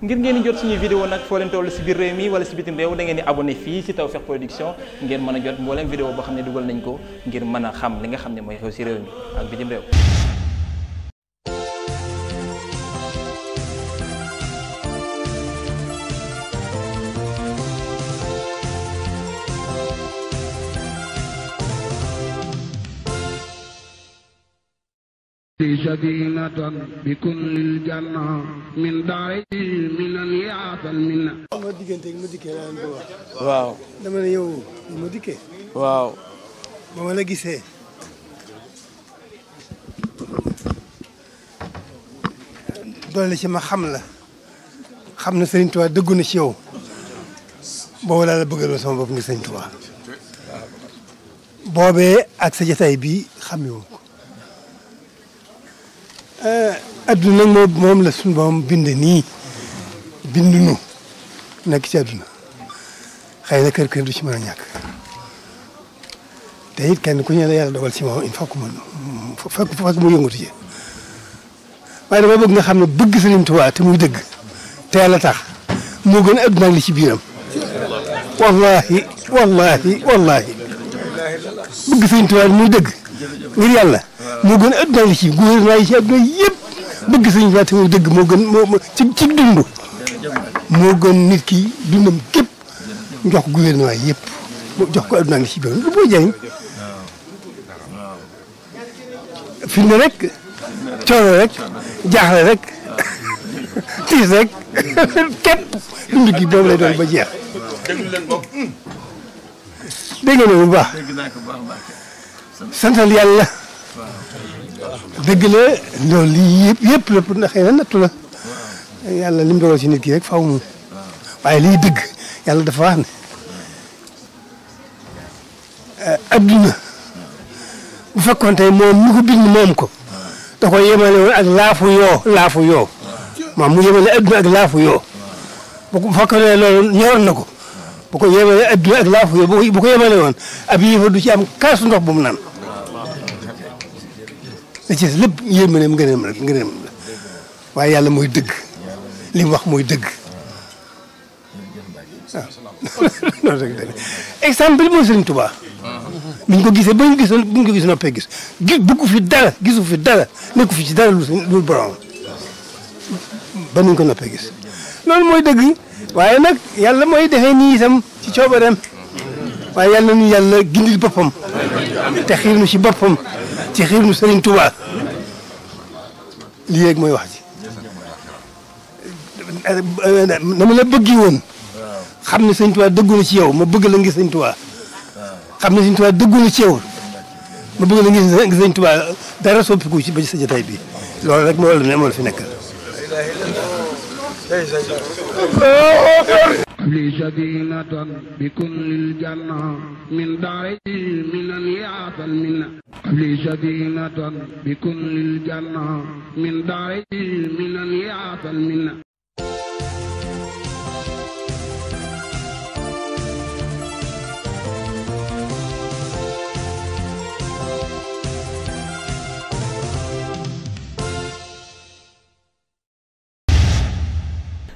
ngir ngeen di jot suñuy vidéo nag foo leen si biir réew mi wala si bitim réew da di abonné fii si Tawfekh Production ngeen mën a jot mbooleem vidéo boo xam ne dugal nañ ko ngir mën a xam li nga xam ne mooy xew si ak bi kullil janna min daari wal minna. ma diggante ma dikkee ba ma la gisee. dolli ci ma xam la xam na Serigne Touba dëggu na ci yow boobu laa la bëggaloon sama bopp nga Serigne Touba boobee ak sa jotaay bii xamewoo ko eh, adduna nag moom la suñu boom bind nii bind nu nekk ci àdduna xëy na kër kër du ci mën a ñàkk te it kenn ku ñu la yàlla dogal ci moom il faut mu fa fa mu yëngatu dama bëgg nga xam ne bëgg Sëriñ Tuubaa te muy dëgg te yàlla tax moo gën a àdduna ci biiram wallahi wallahi wallahi bëgg Sëriñ Tuubaa muy dëgg ngir yàlla moo gën a àdduna li ci gouvernement yi ci àdduna yëpp bëgg muy dëgg moo gën moo ci moo gën nit ki dundam képp jox gouvernement yi yëpp jox ko adduna ngi si biir lu koy jëriñ fi ne rek coono rek jaaxle rek tiis rek képp dund gi boobu lay doon ba jeex dégg nga bu baax santal yàlla dëgg la loolu lii yëpp yëpp lépp na xëy na nattu la yàlla lim mu dogal ci nit ki rek faaw mu waaye liy dëgg yàlla dafa wax ne eh, adduna bu fekkoon tey moom ñu ko bind moom ko da koy yemale woon ak laafu yoo laafu yoo maam mu adduna ak laafu yoo bu ko fekkoon ne loolu ñoroon na ko bu ko yemale adduna ak laafu yoo ci am kaasu ndox bu mu naan da ci lépp yéen ma ne ngëneem la ngëneem la waaye yàlla mooy dëgg li wax mooy dëgg waaw non dëgg dëgg exemple bi mooy Serigne Touba. Uh-huh. ko gisee ba ñu gis bu gis noppee gis gis bëggu fi dara gisu fi dara nekku fi ci dara lu lu ba ñu ko noppee gis loolu mooy dëgg waaye nag yàlla mooy defe nii itam ci coobareem waaye yàlla nu yàlla gindil boppam te xiir nu ci boppam ci xiir nu Serigne Touba mooy wax ci na ma la bëggi woon xam ne sëñ Tuubaa dëggu na ci yow ma bëgg la ngir sëñ Tuubaa xam ne sëñ Tuubaa dëggu na ci yow ma bëgg la ngir sëñ Tuubaa dara soppiku ci ba ci sa jotaay bi loolu rek moo la moo la fi nekk li sadinatan bikun lil janna min daari minan yaasal minna li sadinatan bikun lil janna min daari minan yaasal minna